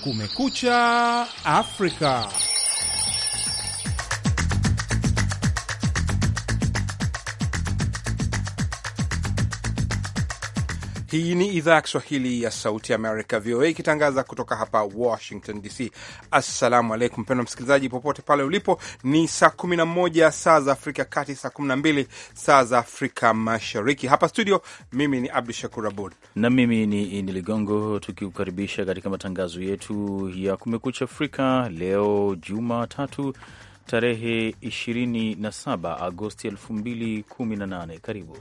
Kumekucha Afrika. Hii ni idhaa ya Kiswahili ya Sauti Amerika, VOA, ikitangaza kutoka hapa Washington DC. Assalamu alaikum mpendwa msikilizaji, popote pale ulipo. Ni saa 11 saa za Afrika Kati, saa 12 saa za Afrika Mashariki. Hapa studio, mimi ni Abdu Shakur Abud na mimi ni Indi Ligongo, tukikukaribisha katika matangazo yetu ya Kumekucha Afrika leo Jumatatu tarehe 27 Agosti 2018. Karibu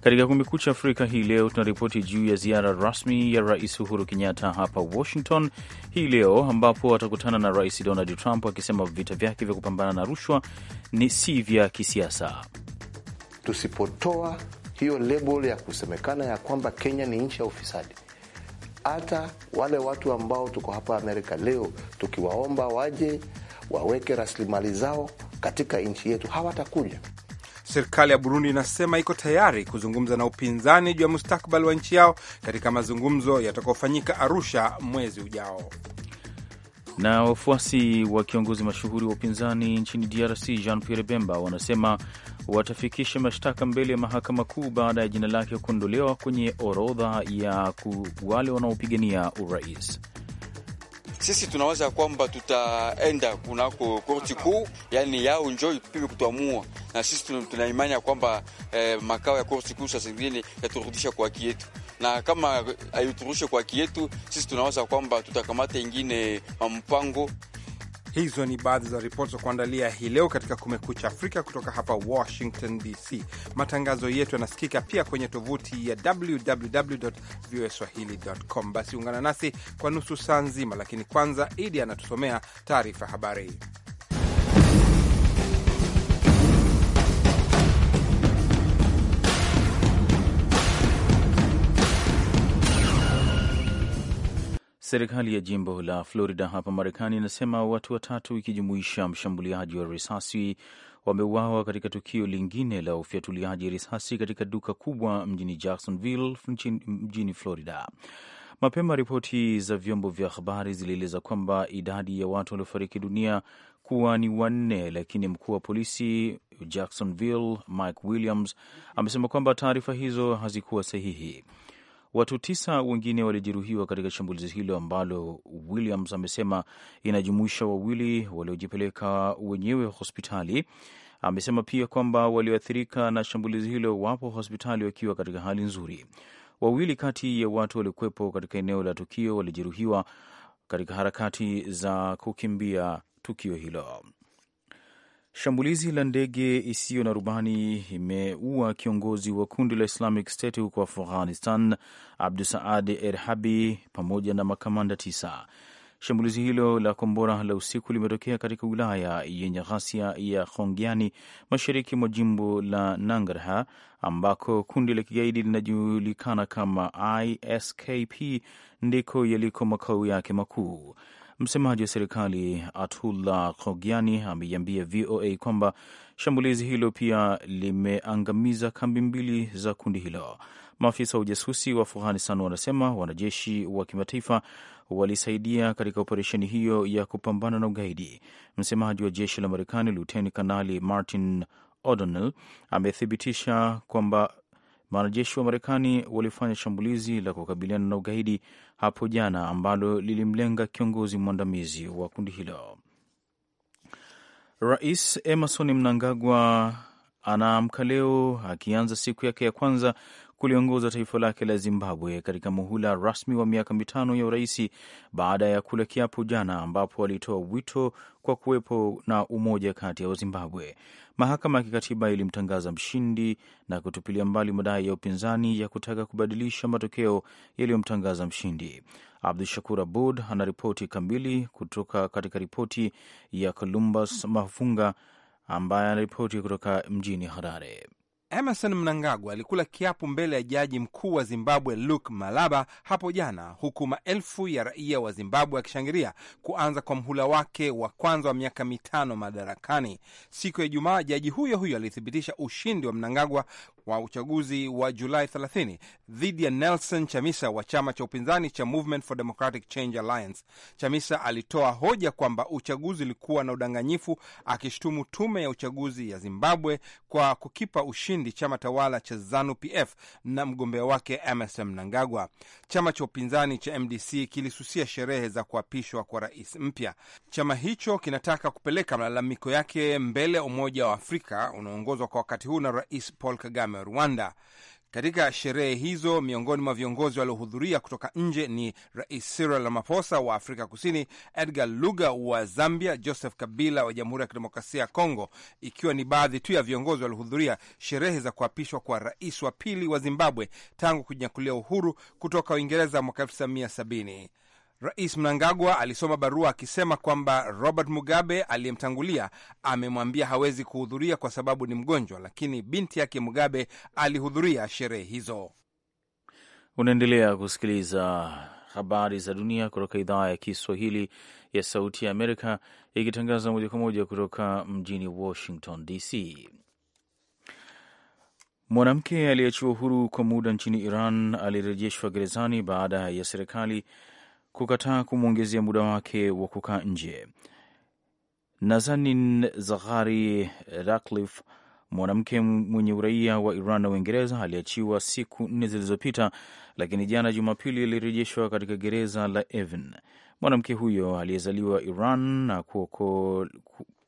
Katika Kumekucha Afrika hii leo tunaripoti juu ya ziara rasmi ya Rais Uhuru Kenyatta hapa Washington hii leo, ambapo atakutana na Rais Donald Trump akisema vita vyake vya kupambana na rushwa ni si vya kisiasa. Tusipotoa hiyo label ya kusemekana ya kwamba Kenya ni nchi ya ufisadi, hata wale watu ambao tuko hapa Amerika leo tukiwaomba waje waweke rasilimali zao katika nchi yetu hawatakuja. Serikali ya Burundi inasema iko tayari kuzungumza na upinzani juu ya mustakbali wa nchi yao katika mazungumzo yatakayofanyika Arusha mwezi ujao. Na wafuasi wa kiongozi mashuhuri wa upinzani nchini DRC Jean Pierre Bemba wanasema watafikisha mashtaka mbele ya mahakama kuu baada ya jina lake kuondolewa kwenye orodha ya wale wanaopigania urais sisi tunawaza kwamba tutaenda kunako korti kuu, yani yao njo ipime kutuamua, na sisi tunaimani ya kwamba eh, makao ya korti kuu saa zingine yaturudisha kwa haki yetu, na kama aiturushe kwa haki yetu, sisi tunawaza kwamba tutakamata ingine mpango. Hizo ni baadhi za ripoti za kuandalia hii leo katika Kumekucha Afrika kutoka hapa Washington DC. Matangazo yetu yanasikika pia kwenye tovuti ya www voa swahili.com. Basi ungana nasi kwa nusu saa nzima, lakini kwanza Idi anatusomea taarifa habari. Serikali ya jimbo la Florida hapa Marekani inasema watu watatu ikijumuisha mshambuliaji wa risasi wameuawa katika tukio lingine la ufyatuliaji risasi katika duka kubwa mjini Jacksonville mjini Florida. Mapema ripoti za vyombo vya habari zilieleza kwamba idadi ya watu waliofariki dunia kuwa ni wanne, lakini mkuu wa polisi Jacksonville Mike Williams amesema kwamba taarifa hizo hazikuwa sahihi. Watu tisa wengine walijeruhiwa katika shambulizi hilo ambalo Williams amesema inajumuisha wawili waliojipeleka wenyewe hospitali. Amesema pia kwamba walioathirika na shambulizi hilo wapo hospitali wakiwa katika hali nzuri. Wawili kati ya watu waliokuwepo katika eneo la tukio walijeruhiwa katika harakati za kukimbia tukio hilo. Shambulizi la ndege isiyo na rubani imeua kiongozi wa kundi la Islamic State huko Afghanistan, Abdu Saad Erhabi, pamoja na makamanda tisa. Shambulizi hilo la kombora la usiku limetokea katika wilaya yenye ghasia ya Khongiani, mashariki mwa jimbo la Nangarha, ambako kundi la kigaidi linajulikana kama ISKP ndiko yaliko makao yake makuu. Msemaji wa serikali Atullah kogiani ameiambia VOA kwamba shambulizi hilo pia limeangamiza kambi mbili za kundi hilo. Maafisa wa ujasusi wa Afghanistan wanasema wanajeshi wa kimataifa walisaidia katika operesheni hiyo ya kupambana na ugaidi. Msemaji wa jeshi la Marekani Luteni Kanali Martin O'Donnell amethibitisha kwamba Wanajeshi wa Marekani walifanya shambulizi la kukabiliana na ugaidi hapo jana ambalo lilimlenga kiongozi mwandamizi wa kundi hilo. Rais Emerson Mnangagwa anaamka leo akianza siku yake ya kwanza kuliongoza taifa lake la Zimbabwe katika muhula rasmi wa miaka mitano ya uraisi baada ya kula kiapo jana, ambapo alitoa wito kwa kuwepo na umoja kati ya Wazimbabwe. Mahakama ya kikatiba ilimtangaza mshindi na kutupilia mbali madai ya upinzani ya kutaka kubadilisha matokeo yaliyomtangaza mshindi. Abdu Shakur Abud ana ripoti kamili kutoka katika ripoti ya Columbus Mafunga ambaye anaripoti kutoka mjini Harare. Emerson Mnangagwa alikula kiapo mbele ya jaji mkuu wa Zimbabwe Luke Malaba hapo jana, huku maelfu ya raia wa Zimbabwe akishangilia kuanza kwa mhula wake wa kwanza wa miaka mitano madarakani. Siku ya Ijumaa, jaji huyo huyo alithibitisha ushindi wa Mnangagwa wa uchaguzi wa Julai 30 dhidi ya Nelson Chamisa wa chama cha upinzani cha Movement for Democratic Change Alliance. Chamisa alitoa hoja kwamba uchaguzi ulikuwa na udanganyifu, akishutumu tume ya uchaguzi ya Zimbabwe kwa kukipa ushindi chama tawala cha ZANU-PF na mgombea wake Emerson Mnangagwa. Chama cha upinzani cha MDC kilisusia sherehe za kuapishwa kwa rais mpya. Chama hicho kinataka kupeleka malalamiko yake mbele ya Umoja wa Afrika unaoongozwa kwa wakati huu na Rais Paul Kagame Rwanda. Katika sherehe hizo miongoni mwa viongozi waliohudhuria kutoka nje ni Rais Cyril Ramaphosa wa Afrika Kusini, Edgar luga wa Zambia, Joseph Kabila wa Jamhuri ya Kidemokrasia ya Kongo, ikiwa ni baadhi tu ya viongozi waliohudhuria sherehe za kuapishwa kwa rais wa pili wa Zimbabwe tangu kujinyakulia uhuru kutoka Uingereza mwaka 1970. Rais Mnangagwa alisoma barua akisema kwamba Robert Mugabe aliyemtangulia amemwambia hawezi kuhudhuria kwa sababu ni mgonjwa, lakini binti yake Mugabe alihudhuria sherehe hizo. Unaendelea kusikiliza habari za dunia kutoka idhaa ya Kiswahili ya Sauti ya Amerika ikitangaza moja kwa moja kutoka mjini Washington DC. Mwanamke aliyeachiwa huru kwa muda nchini Iran alirejeshwa gerezani baada ya serikali kukataa kumwongezea muda wake wa kukaa nje. Nazanin Zaghari Ratcliffe, mwanamke mwenye uraia wa Iran na Uingereza, aliachiwa siku nne zilizopita, lakini jana Jumapili alirejeshwa katika gereza la Evin. Mwanamke huyo aliyezaliwa Iran na kuoko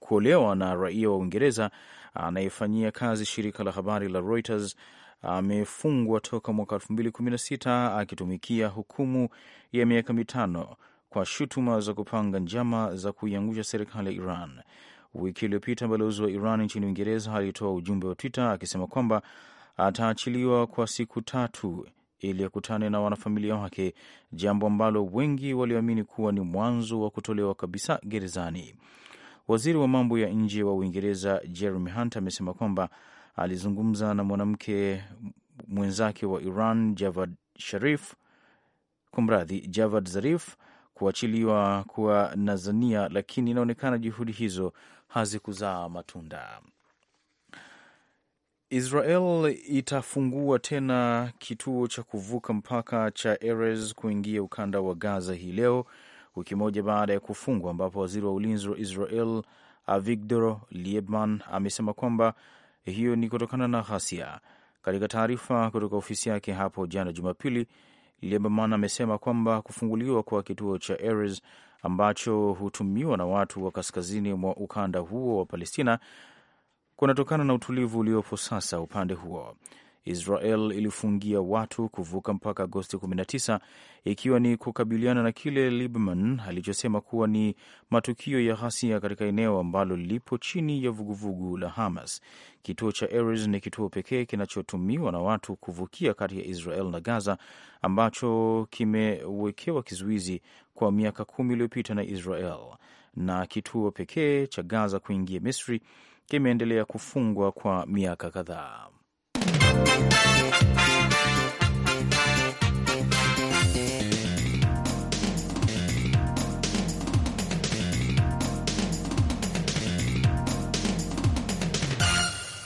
kuolewa na raia wa Uingereza anayefanyia kazi shirika la habari la Reuters amefungwa toka mwaka 2016 akitumikia hukumu ya miaka mitano kwa shutuma za kupanga njama za kuiangusha serikali ya Iran. Wiki iliyopita balozi wa Iran nchini Uingereza alitoa ujumbe wa Twitter akisema kwamba ataachiliwa kwa siku tatu ili akutane na wanafamilia wake, jambo ambalo wengi walioamini kuwa ni mwanzo wa kutolewa kabisa gerezani. Waziri wa mambo ya nje wa Uingereza Jeremy Hunt amesema kwamba alizungumza na mwanamke mwenzake wa Iran Javad Sharif, kumradhi, Javad Zarif kuachiliwa kuwa nazania lakini inaonekana juhudi hizo hazikuzaa matunda. Israel itafungua tena kituo cha kuvuka mpaka cha Erez kuingia ukanda wa Gaza hii leo, wiki moja baada ya kufungwa, ambapo waziri wa ulinzi wa Israel Avigdor liebman amesema kwamba hiyo ni kutokana na ghasia. Katika taarifa kutoka ofisi yake hapo jana Jumapili, Lieberman amesema kwamba kufunguliwa kwa kituo cha Erez ambacho hutumiwa na watu wa kaskazini mwa ukanda huo wa Palestina kunatokana na utulivu uliopo sasa upande huo. Israel ilifungia watu kuvuka mpaka Agosti 19 ikiwa ni kukabiliana na kile Lieberman alichosema kuwa ni matukio ya ghasia katika eneo ambalo lipo chini ya vuguvugu la Hamas. Kituo cha Erez ni kituo pekee kinachotumiwa na watu kuvukia kati ya Israel na Gaza ambacho kimewekewa kizuizi kwa miaka kumi iliyopita na Israel, na kituo pekee cha Gaza kuingia Misri kimeendelea kufungwa kwa miaka kadhaa.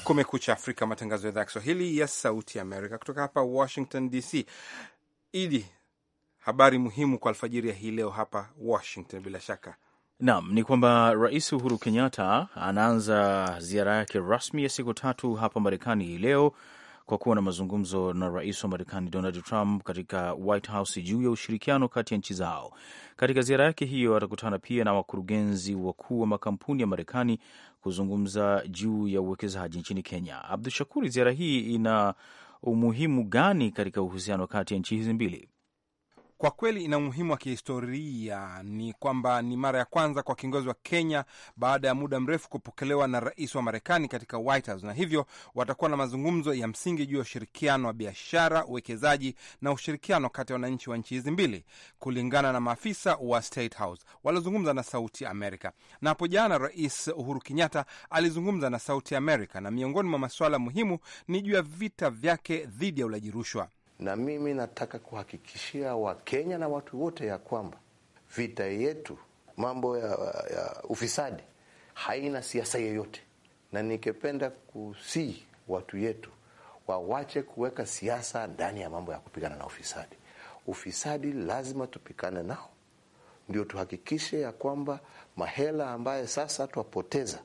Kumekucha Afrika, matangazo ya idhaa ya Kiswahili ya Sauti ya Amerika kutoka hapa Washington DC. Idi, habari muhimu kwa alfajiri ya hii leo hapa Washington bila shaka Naam, ni kwamba Rais Uhuru Kenyatta anaanza ziara yake rasmi ya siku tatu hapa Marekani hii leo kwa kuwa na mazungumzo na rais wa Marekani Donald Trump katika White House juu ya ushirikiano kati ya nchi zao. Katika ziara yake hiyo, atakutana pia na wakurugenzi wakuu wa makampuni ya Marekani kuzungumza juu ya uwekezaji nchini Kenya. Abdu Shakuri, ziara hii ina umuhimu gani katika uhusiano kati ya nchi hizi mbili? kwa kweli ina umuhimu wa kihistoria. Ni kwamba ni mara ya kwanza kwa kiongozi wa Kenya baada ya muda mrefu kupokelewa na rais wa Marekani katika White House, na hivyo watakuwa na mazungumzo ya msingi juu ya ushirikiano wa biashara, uwekezaji na ushirikiano kati ya wananchi wa nchi hizi mbili, kulingana na maafisa wa State House waliozungumza na Sauti Amerika. Na hapo jana Rais Uhuru Kenyatta alizungumza na Sauti Amerika, na miongoni mwa masuala muhimu ni juu ya vita vyake dhidi ya ulaji rushwa na mimi nataka kuhakikishia Wakenya na watu wote ya kwamba vita yetu mambo ya, ya ufisadi haina siasa yoyote, na nikependa kusii watu yetu wawache kuweka siasa ndani ya mambo ya kupigana na ufisadi. Ufisadi lazima tupikane nao, ndio tuhakikishe ya kwamba mahela ambaye sasa twapoteza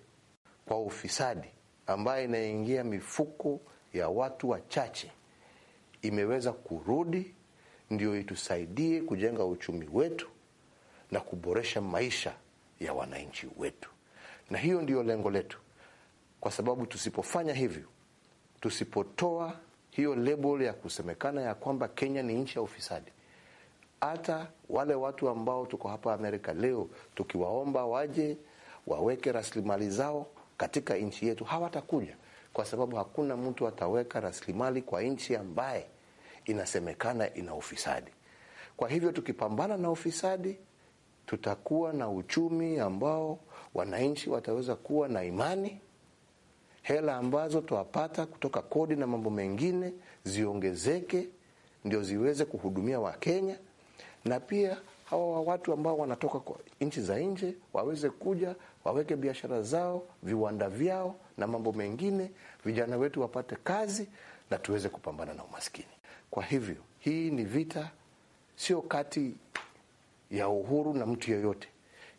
kwa ufisadi ambaye inaingia mifuko ya watu wachache imeweza kurudi, ndio itusaidie kujenga uchumi wetu na kuboresha maisha ya wananchi wetu, na hiyo ndiyo lengo letu, kwa sababu tusipofanya hivyo, tusipotoa hiyo label ya kusemekana ya kwamba Kenya ni nchi ya ufisadi, hata wale watu ambao tuko hapa Amerika leo tukiwaomba waje waweke rasilimali zao katika nchi yetu hawatakuja, kwa sababu hakuna mtu ataweka rasilimali kwa nchi ambaye inasemekana ina ufisadi. Kwa hivyo tukipambana na ufisadi, tutakuwa na uchumi ambao wananchi wataweza kuwa na imani, hela ambazo twapata kutoka kodi na mambo mengine ziongezeke, ndio ziweze kuhudumia Wakenya na pia hawa watu ambao wanatoka kwa nchi za nje waweze kuja waweke biashara zao, viwanda vyao na mambo mengine, vijana wetu wapate kazi na tuweze kupambana na umaskini. Kwa hivyo hii ni vita, sio kati ya Uhuru na mtu yeyote.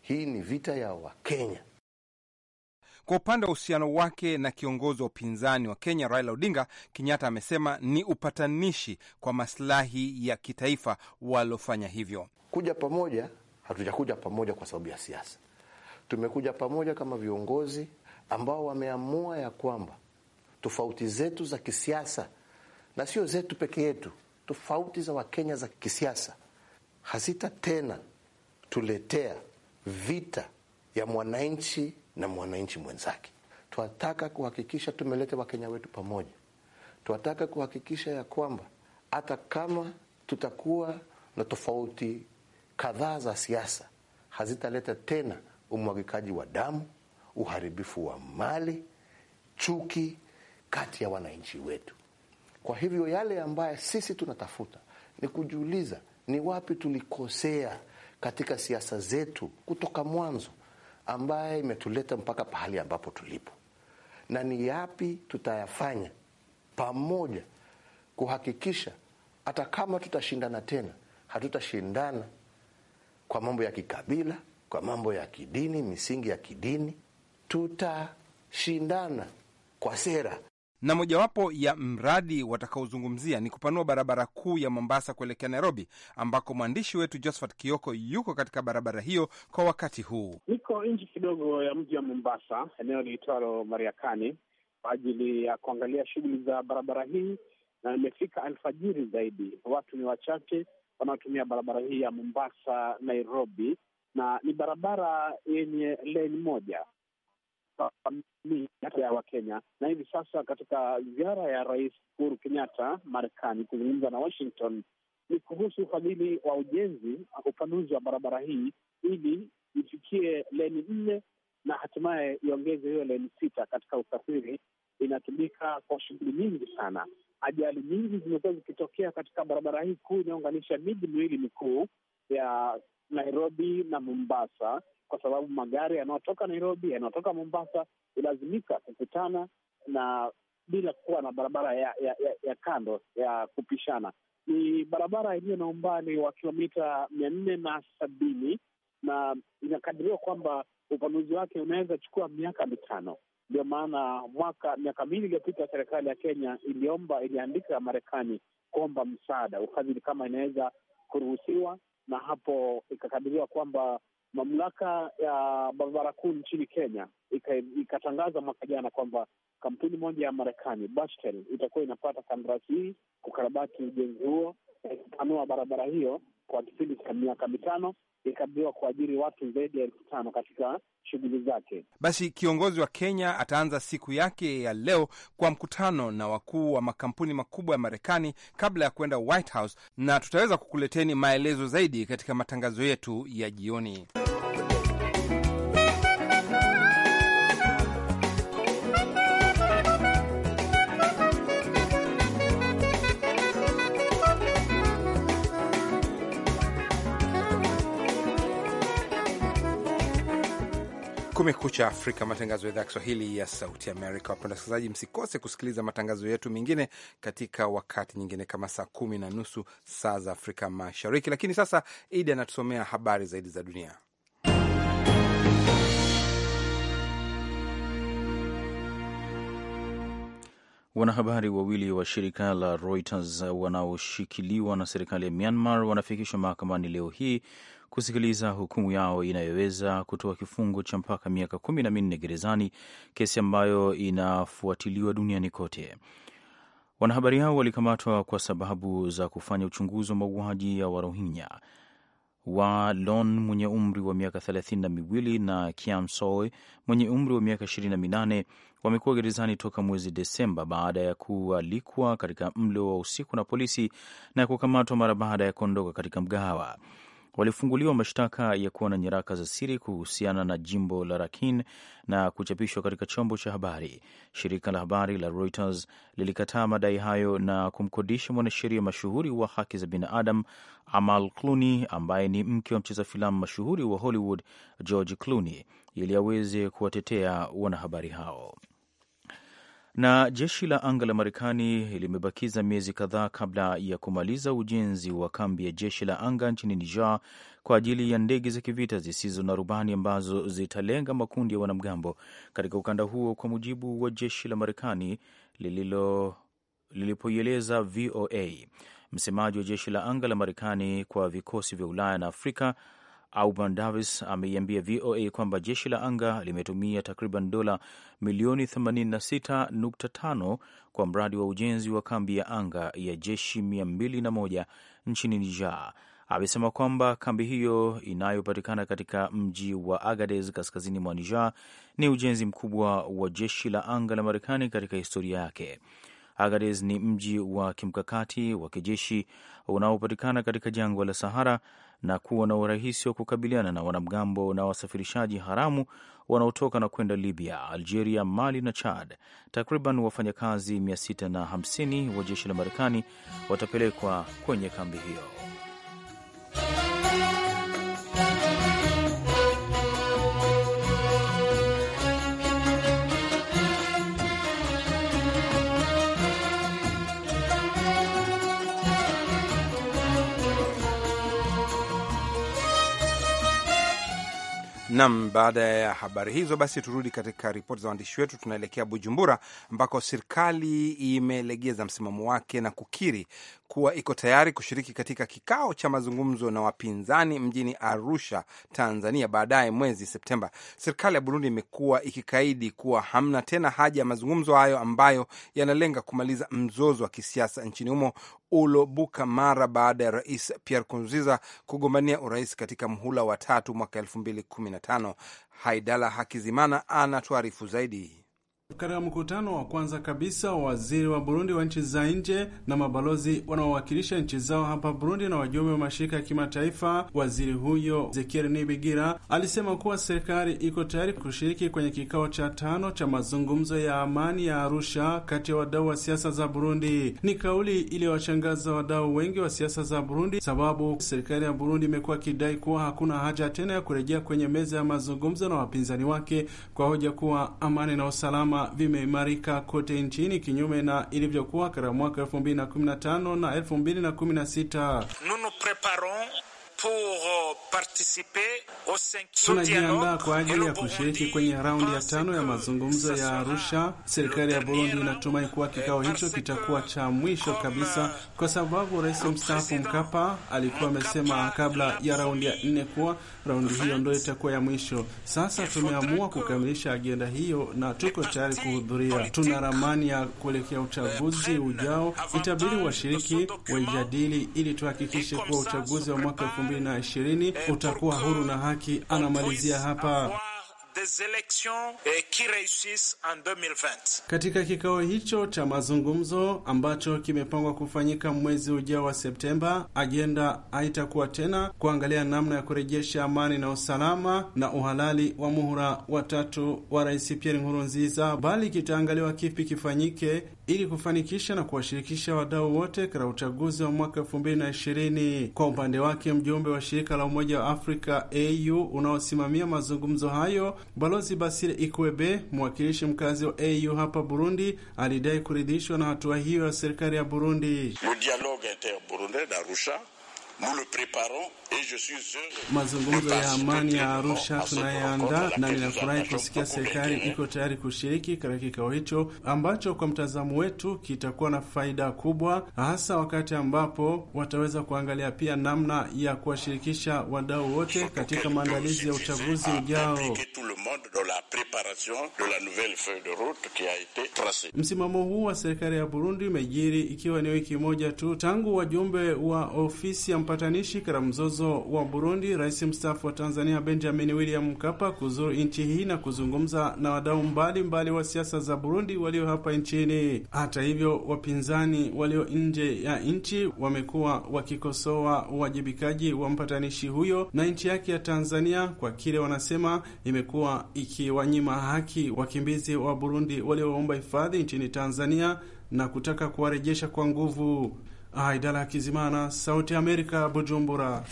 Hii ni vita ya Wakenya. Kwa upande wa uhusiano wake na kiongozi wa upinzani wa Kenya Raila Odinga, Kenyatta amesema ni upatanishi kwa masilahi ya kitaifa waliofanya hivyo. Kuja pamoja, hatujakuja pamoja kwa sababu ya siasa. Tumekuja pamoja kama viongozi ambao wameamua ya kwamba tofauti zetu za kisiasa na sio zetu peke yetu, tofauti za Wakenya za kisiasa hazita tena tuletea vita ya mwananchi na mwananchi mwenzake. Twataka kuhakikisha tumeleta Wakenya wetu pamoja. Twataka kuhakikisha ya kwamba hata kama tutakuwa na tofauti kadhaa za siasa, hazitaleta tena umwagikaji wa damu, uharibifu wa mali, chuki kati ya wananchi wetu. Kwa hivyo yale ambayo sisi tunatafuta ni kujiuliza ni wapi tulikosea katika siasa zetu kutoka mwanzo ambaye imetuleta mpaka pahali ambapo tulipo, na ni yapi tutayafanya pamoja kuhakikisha hata kama tutashindana tena, hatutashindana kwa mambo ya kikabila, kwa mambo ya kidini, misingi ya kidini, tutashindana kwa sera na mojawapo ya mradi watakaozungumzia ni kupanua barabara kuu ya Mombasa kuelekea Nairobi, ambako mwandishi wetu Josephat Kioko yuko katika barabara hiyo kwa wakati huu. Niko nje kidogo ya mji wa Mombasa, eneo liitwalo Mariakani, kwa ajili ya kuangalia shughuli za barabara hii, na imefika alfajiri zaidi. Watu ni wachache wanaotumia barabara hii ya Mombasa Nairobi, na ni barabara yenye leni moja familia ya Wakenya. Na hivi sasa katika ziara ya Rais Uhuru Kenyatta Marekani kuzungumza na Washington ni kuhusu ufadhili wa ujenzi, upanuzi wa barabara hii ili ifikie leni nne na hatimaye iongeze hiyo leni sita katika usafiri. Inatumika kwa shughuli nyingi sana. Ajali nyingi zimekuwa zikitokea katika barabara hii kuu inayounganisha miji miwili mikuu ya Nairobi na Mombasa, kwa sababu magari yanayotoka Nairobi, yanayotoka Mombasa hulazimika kukutana na bila kuwa na barabara ya, ya, ya, ya kando ya kupishana. Ni barabara iliyo na umbali wa kilomita mia nne na sabini na inakadiriwa kwamba upanuzi wake unaweza chukua miaka mitano. Ndio maana mwaka miaka miwili iliyopita serikali ya Kenya iliomba iliandika Marekani kuomba msaada, ufadhili kama inaweza kuruhusiwa, na hapo ikakadiriwa kwamba mamlaka ya barabara kuu nchini Kenya ikatangaza mwaka jana kwamba kampuni moja ya Marekani Bechtel itakuwa inapata kandarasi hii kukarabati ujenzi huo, eh, kupanua barabara hiyo kwa kipindi cha miaka mitano ikabiriwa kuajiri watu zaidi ya elfu tano katika shughuli zake. Basi kiongozi wa Kenya ataanza siku yake ya leo kwa mkutano na wakuu wa makampuni makubwa ya Marekani kabla ya kuenda White House, na tutaweza kukuleteni maelezo zaidi katika matangazo yetu ya jioni. Kumekucha Afrika, matangazo ya idhaa ya Kiswahili ya Sauti Amerika. Wapenda wasikilizaji, msikose kusikiliza matangazo yetu mengine katika wakati nyingine kama saa kumi na nusu saa za Afrika Mashariki. Lakini sasa Idi anatusomea habari zaidi za dunia. Wanahabari wawili wa shirika la Reuters wanaoshikiliwa na serikali ya Myanmar wanafikishwa mahakamani leo hii kusikiliza hukumu yao inayoweza kutoa kifungo cha mpaka miaka kumi na minne gerezani, kesi ambayo inafuatiliwa duniani kote. Wanahabari hao walikamatwa kwa sababu za kufanya uchunguzi wa mauaji ya Warohinya wa Lon mwenye umri wa miaka thelathini na miwili na Kiam mwenye umri wa miaka ishirini na minane wamekuwa gerezani toka mwezi Desemba baada ya kualikwa katika mlo wa usiku na polisi na kukamatwa mara baada ya kuondoka katika mgahawa walifunguliwa mashtaka ya kuwa na nyaraka za siri kuhusiana na jimbo la rakin na kuchapishwa katika chombo cha habari. Shirika la habari la Reuters lilikataa madai hayo na kumkodisha mwanasheria mashuhuri wa haki za binadamu Amal Clooney, ambaye ni mke wa mcheza filamu mashuhuri wa Hollywood George Clooney, ili aweze kuwatetea wanahabari hao na jeshi la anga la Marekani limebakiza miezi kadhaa kabla ya kumaliza ujenzi wa kambi ya jeshi la anga nchini Niger kwa ajili ya ndege za kivita zisizo na rubani ambazo zitalenga makundi ya wanamgambo katika ukanda huo, kwa mujibu wa jeshi la Marekani lililo lilipoieleza VOA. Msemaji wa jeshi la anga la Marekani kwa vikosi vya Ulaya na Afrika Auban Davis ameiambia VOA kwamba jeshi la anga limetumia takriban dola milioni 86.5 kwa mradi wa ujenzi wa kambi ya anga ya jeshi 201 nchini Niger. Amesema kwamba kambi hiyo inayopatikana katika mji wa agades kaskazini mwa Niger ni ujenzi mkubwa wa jeshi la anga la Marekani katika historia yake. agades ni mji wa kimkakati wa kijeshi unaopatikana katika jangwa la Sahara na kuwa na urahisi wa kukabiliana na wanamgambo na wasafirishaji haramu wanaotoka na kwenda Libya, Algeria, Mali na Chad. Takriban wafanyakazi 650 wa jeshi la Marekani watapelekwa kwenye kambi hiyo. Nam, baada ya habari hizo basi, turudi katika ripoti za waandishi wetu. Tunaelekea Bujumbura ambako serikali imelegeza msimamo wake na kukiri kuwa iko tayari kushiriki katika kikao cha mazungumzo na wapinzani mjini Arusha, Tanzania, baadaye mwezi Septemba. Serikali ya Burundi imekuwa ikikaidi kuwa hamna tena haja ya mazungumzo hayo ambayo yanalenga kumaliza mzozo wa kisiasa nchini humo ulobuka mara baada ya Rais Pierre Nkurunziza kugombania urais katika mhula wa tatu mwaka elfu mbili kumi na tano. Haidala Hakizimana anatuarifu zaidi. Katika mkutano wa kwanza kabisa waziri wa Burundi wa nchi za nje na mabalozi wanaowakilisha nchi zao hapa Burundi na wajumbe wa mashirika ya kimataifa, waziri huyo Ezekiel Nibigira alisema kuwa serikali iko tayari kushiriki kwenye kikao cha tano cha mazungumzo ya amani ya Arusha kati ya wadau wa siasa za Burundi. Ni kauli iliyowashangaza wadau wengi wa siasa za Burundi, sababu serikali ya Burundi imekuwa ikidai kuwa hakuna haja tena ya kurejea kwenye meza ya mazungumzo na wapinzani wake kwa hoja kuwa amani na usalama vimeimarika kote nchini, kinyume na ilivyokuwa katika mwaka 215 na 216 Euh, Tunajiandaa kwa ajili ya kushiriki kwenye raundi ya tano ya mazungumzo ya Arusha. Serikali ya Burundi inatumai kuwa kikao hicho kitakuwa cha mwisho kabisa, euh, kwa sababu rais mstaafu Mkapa alikuwa amesema kabla ya raundi ya nne kuwa raundi hiyo ndo itakuwa ya mwisho. Sasa tumeamua kukamilisha agenda hiyo na tuko tayari kuhudhuria. Tuna ramani ya kuelekea uchaguzi euh, ujao, itabidi washiriki waijadili ili tuhakikishe kuwa uchaguzi wa mwaka elfu mbili ishirini utakuwa huru na haki. Anamalizia hapa. Katika kikao hicho cha mazungumzo ambacho kimepangwa kufanyika mwezi ujao wa Septemba, ajenda haitakuwa tena kuangalia namna ya kurejesha amani na usalama na uhalali wa muhula watatu wa Rais Pierre Nkurunziza, bali kitaangaliwa kipi kifanyike ili kufanikisha na kuwashirikisha wadau wote katika uchaguzi wa mwaka ishirini. Kwa upande wake, mjumbe wa shirika la Umoja wa Afrika AU unaosimamia mazungumzo hayo, Balozi Basile Ikwebe, mwakilishi mkazi wa AU hapa Burundi, alidai kuridhishwa na hatua hiyo ya serikali ya Burundi. Le dialogue inter nous le preparons Mazungumzo ya amani ya Arusha tunayeandaa na ninafurahi kusikia serikali iko tayari kushiriki katika kikao hicho ambacho kwa mtazamo wetu kitakuwa na faida kubwa, hasa wakati ambapo wataweza kuangalia pia namna ya kuwashirikisha wadau wote katika maandalizi ya uchaguzi ujao. Msimamo huu wa serikali ya Burundi umejiri ikiwa ni wiki moja tu tangu wajumbe wa ofisi ya mpatanishi katika mzozo mzozo wa Burundi, rais mstaafu wa Tanzania Benjamin William Mkapa kuzuru nchi hii na kuzungumza na wadau mbalimbali wa siasa za Burundi walio hapa nchini. Hata hivyo, wapinzani walio nje ya nchi wamekuwa wakikosoa uwajibikaji wa mpatanishi huyo na nchi yake ya Tanzania kwa kile wanasema imekuwa ikiwanyima haki wakimbizi wa Burundi walioomba hifadhi nchini Tanzania na kutaka kuwarejesha kwa nguvu. Aidala Kizimana, Sauti ya Amerika, Bujumbura.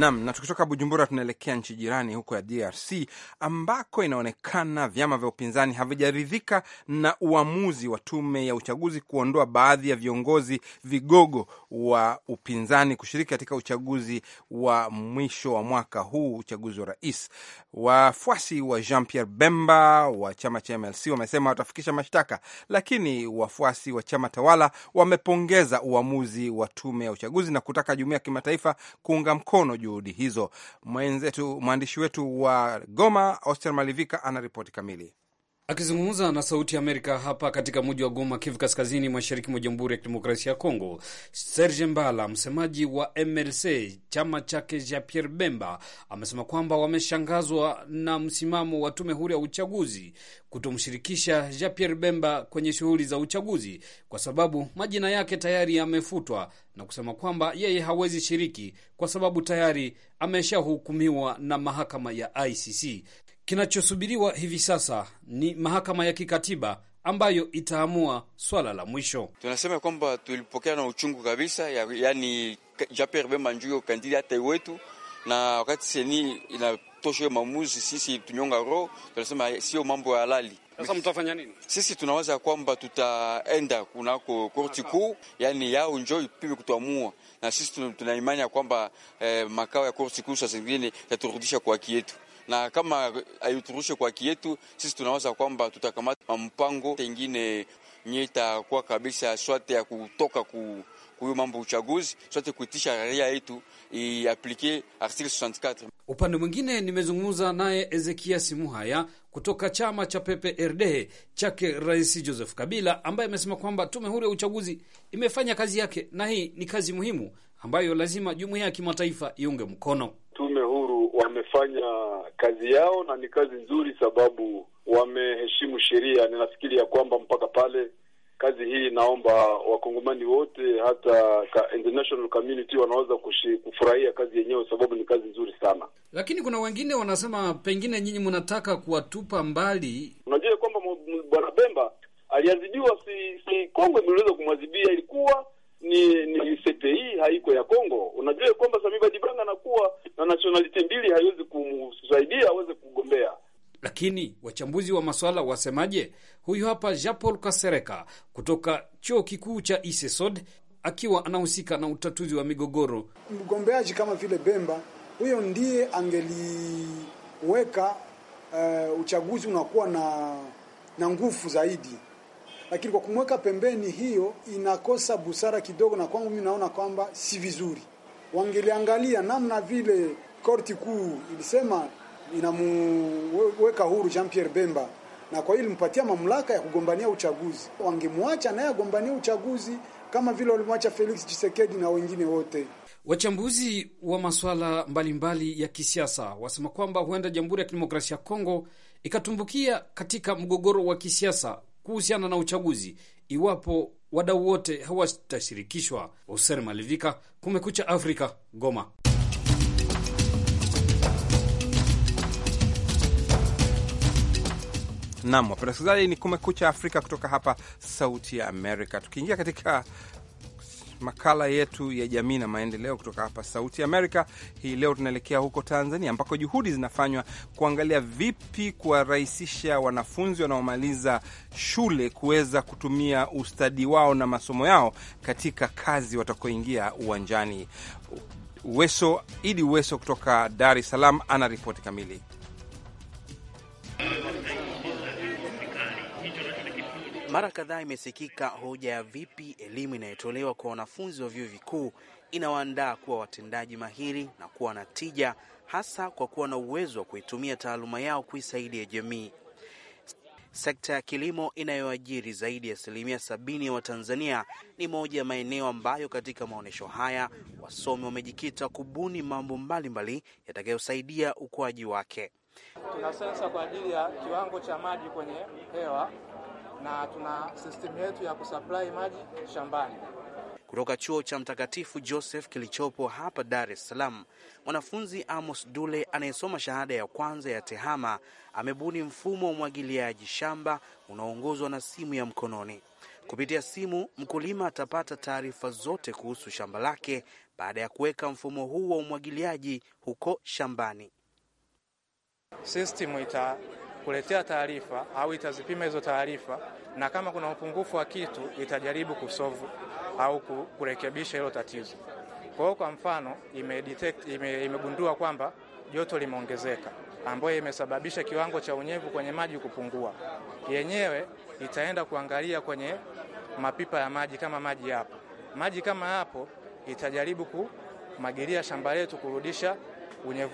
Nam, na tukitoka Bujumbura tunaelekea nchi jirani huko ya DRC ambako inaonekana vyama vya upinzani havijaridhika na uamuzi wa tume ya uchaguzi kuondoa baadhi ya viongozi vigogo wa upinzani kushiriki katika uchaguzi wa mwisho wa mwaka huu, uchaguzi wa rais. Wafuasi wa Jean Pierre Bemba wa chama cha MLC wamesema watafikisha mashtaka, lakini wafuasi wa chama tawala wamepongeza uamuzi wa tume ya uchaguzi na kutaka jumuiya ya kimataifa kuunga mkono juhudi hizo. Mwenzetu mwandishi wetu wa Goma, Oster Malivika, ana ripoti kamili. Akizungumza na Sauti ya Amerika hapa katika mji wa Goma, Kivu Kaskazini, mashariki mwa Jamhuri ya Kidemokrasia ya Kongo, Serge Mbala, msemaji wa MLC chama chake cha Pierre Bemba, amesema kwamba wameshangazwa na msimamo wa tume huru ya uchaguzi kutomshirikisha Jean Pierre Bemba kwenye shughuli za uchaguzi kwa sababu majina yake tayari yamefutwa, na kusema kwamba yeye hawezi shiriki kwa sababu tayari ameshahukumiwa na mahakama ya ICC. Kinachosubiriwa hivi sasa ni mahakama ya kikatiba ambayo itaamua swala la mwisho. Tunasema kwamba tulipokea na uchungu kabisa, yaani Jean Pierre Bemba Njuyo kandidate wetu, na wakati seni inatosha maamuzi, sisi tunyonga roho, tunasema sio mambo ya halali. Sasa mtafanya nini? Sisi tunawaza kwamba tutaenda kunako korti kuu, yani yao njo ipime kutuamua, na sisi tunaimani ya kwamba eh, makao ya korti kuu saa zingine yaturudisha kwa haki yetu na kama haiturushwe kwa kietu, sisi tunawaza kwamba tutakamata mpango tengine nye itakuwa kabisa swate ya kutoka ku huyo mambo uchaguzi sote kuitisha raia yetu iaplike article 64. Upande mwingine nimezungumza naye Ezekia Simuhaya kutoka chama cha PPRD chake Rais Joseph Kabila, ambaye amesema kwamba tume huru ya uchaguzi imefanya kazi yake na hii ni kazi muhimu ambayo lazima jumuiya ya kimataifa iunge mkono tume huru wamefanya kazi yao na ni kazi nzuri, sababu wameheshimu sheria. Ninafikiri ya kwamba mpaka pale kazi hii, naomba wakongomani wote hata international community wanaweza kufurahia kazi yenyewe, sababu ni kazi nzuri sana. Lakini kuna wengine wanasema pengine nyinyi mnataka kuwatupa mbali. Unajua kwamba bwana Bemba aliadhibiwa, si, si Kongo iliweza kumwadhibia, ilikuwa ni ni CPI haiko ya Kongo. Unajua kwamba Samiba Dibanga anakuwa na nationality mbili, haiwezi kumsaidia aweze kugombea. Lakini wachambuzi wa masuala wasemaje? Huyu hapa Jean Paul Kasereka kutoka chuo kikuu cha Isesod akiwa anahusika na utatuzi wa migogoro. Mgombeaji kama vile Bemba, huyo ndiye angeliweka uh, uchaguzi unakuwa na na nguvu zaidi lakini kwa kumweka pembeni hiyo inakosa busara kidogo, na kwangu mimi naona kwamba si vizuri. Wangeliangalia namna vile korti kuu ilisema inamuweka huru Jean Pierre Bemba na kwa hiyo ilimpatia mamlaka ya kugombania uchaguzi. Wangemwacha naye agombania uchaguzi kama vile walimwacha Felix chisekedi na wengine wote. Wachambuzi wa masuala mbalimbali ya kisiasa wasema kwamba huenda Jamhuri ya Kidemokrasia ya Kongo ikatumbukia katika mgogoro wa kisiasa kuhusiana na uchaguzi iwapo wadau wote hawatashirikishwa. Hoser Malivika, Kumekucha Afrika, Goma. Nam wapenda wapendaskizaji, ni Kumekucha Afrika kutoka hapa Sauti ya Amerika. Tukiingia katika makala yetu ya jamii na maendeleo kutoka hapa Sauti Amerika. Hii leo tunaelekea huko Tanzania ambako juhudi zinafanywa kuangalia vipi kuwarahisisha wanafunzi wanaomaliza shule kuweza kutumia ustadi wao na masomo yao katika kazi watakoingia uwanjani. Uweso Idi Uweso kutoka Dar es Salaam ana ripoti kamili. Mara kadhaa imesikika hoja ya vipi elimu inayotolewa kwa wanafunzi wa vyuo vikuu inawaandaa kuwa watendaji mahiri na kuwa na tija, hasa kwa kuwa na uwezo wa kuitumia taaluma yao kuisaidia ya jamii. Sekta ya kilimo inayoajiri zaidi ya asilimia sabini ya Watanzania ni moja ya maeneo ambayo katika maonyesho haya wasomi wamejikita kubuni mambo mbalimbali yatakayosaidia ukuaji wake. Tuna sensa kwa ajili ya kiwango cha maji kwenye hewa na tuna system yetu ya kusupply maji shambani. Kutoka chuo cha Mtakatifu Joseph kilichopo hapa Dar es Salaam, mwanafunzi Amos Dule anayesoma shahada ya kwanza ya TEHAMA amebuni mfumo wa umwagiliaji shamba unaoongozwa na simu ya mkononi. Kupitia simu, mkulima atapata taarifa zote kuhusu shamba lake baada ya kuweka mfumo huu wa umwagiliaji huko shambani. System ita kuletea taarifa au itazipima hizo taarifa, na kama kuna upungufu wa kitu itajaribu kusovu au kurekebisha hilo tatizo. Kwa hiyo, kwa mfano detect, ime, imegundua kwamba joto limeongezeka ambayo imesababisha kiwango cha unyevu kwenye maji kupungua, yenyewe itaenda kuangalia kwenye mapipa ya maji kama maji yapo. Maji kama yapo, itajaribu kumagilia shamba letu kurudisha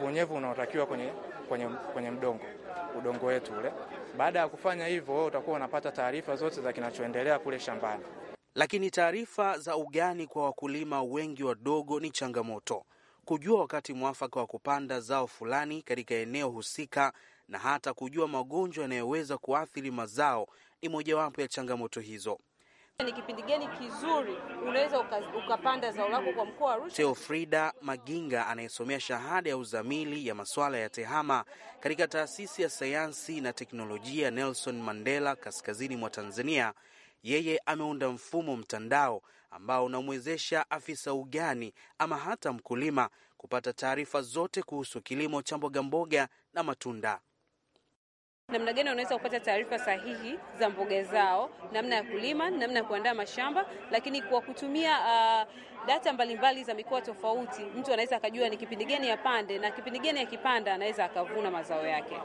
unyevu unaotakiwa kwenye, kwenye, kwenye mdongo udongo wetu ule. Baada ya kufanya hivyo, wewe utakuwa unapata taarifa zote za kinachoendelea kule shambani. Lakini taarifa za ugani kwa wakulima wengi wadogo ni changamoto. Kujua wakati mwafaka wa kupanda zao fulani katika eneo husika na hata kujua magonjwa yanayoweza kuathiri mazao ni mojawapo ya changamoto hizo. Ni kipindi gani kizuri unaweza ukapanda zao lako kwa mkoa wa Arusha? Teofrida Maginga anayesomea shahada ya uzamili ya masuala ya tehama katika taasisi ya sayansi na teknolojia Nelson Mandela kaskazini mwa Tanzania. Yeye ameunda mfumo mtandao ambao unamwezesha afisa ugani ama hata mkulima kupata taarifa zote kuhusu kilimo cha mbogamboga na matunda namna gani wanaweza kupata taarifa sahihi za mboga zao, namna ya kulima, namna ya kuandaa mashamba, lakini kwa kutumia uh, data mbalimbali za mikoa tofauti, mtu anaweza akajua ni kipindi gani apande na kipindi gani akipanda anaweza akavuna mazao yake.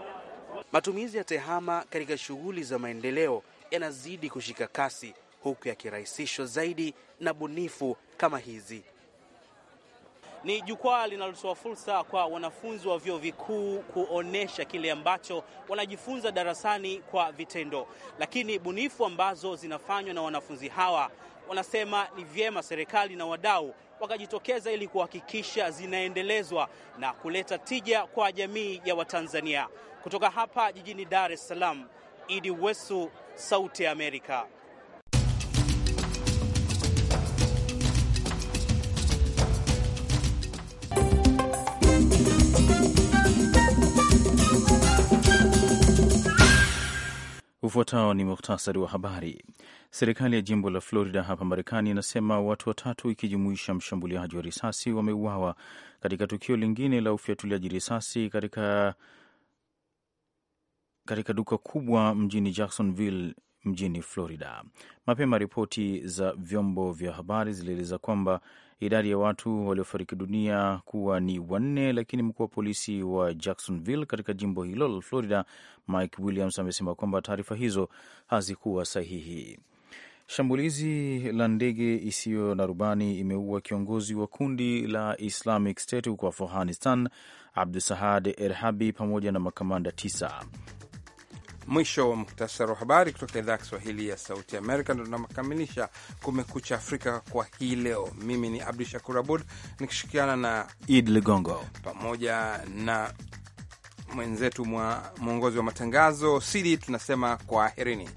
Matumizi ya tehama katika shughuli za maendeleo yanazidi kushika kasi huku yakirahisishwa zaidi na bunifu kama hizi. Ni jukwaa linalotoa fursa kwa wanafunzi wa vyuo vikuu kuonesha kile ambacho wanajifunza darasani kwa vitendo, lakini bunifu ambazo zinafanywa na wanafunzi hawa wanasema ni vyema serikali na wadau wakajitokeza ili kuhakikisha zinaendelezwa na kuleta tija kwa jamii ya Watanzania. Kutoka hapa jijini Dar es Salaam, Idi Wesu, Sauti ya Amerika. Ufuatao ni muhtasari wa habari. Serikali ya jimbo la Florida hapa Marekani inasema watu watatu ikijumuisha mshambuliaji wa risasi wameuawa katika tukio lingine la ufyatuliaji risasi katika katika duka kubwa mjini Jacksonville mjini Florida. Mapema ripoti za vyombo vya habari zilieleza kwamba idadi ya watu waliofariki dunia kuwa ni wanne, lakini mkuu wa polisi wa Jacksonville katika jimbo hilo la Florida, Mike Williams, amesema kwamba taarifa hizo hazikuwa sahihi. Shambulizi la ndege isiyo na rubani imeua kiongozi wa kundi la Islamic State huko Afghanistan, Abdusahad Erhabi, pamoja na makamanda tisa. Mwisho wa muktasari wa habari kutoka idhaa ya Kiswahili ya Sauti Amerika. Ndo tunakamilisha Kumekucha Afrika kwa hii leo. Mimi ni Abdu Shakur Abud nikishirikiana na Id Ligongo pamoja na mwenzetu mwa mwongozi wa matangazo Sidi, tunasema kwa herini.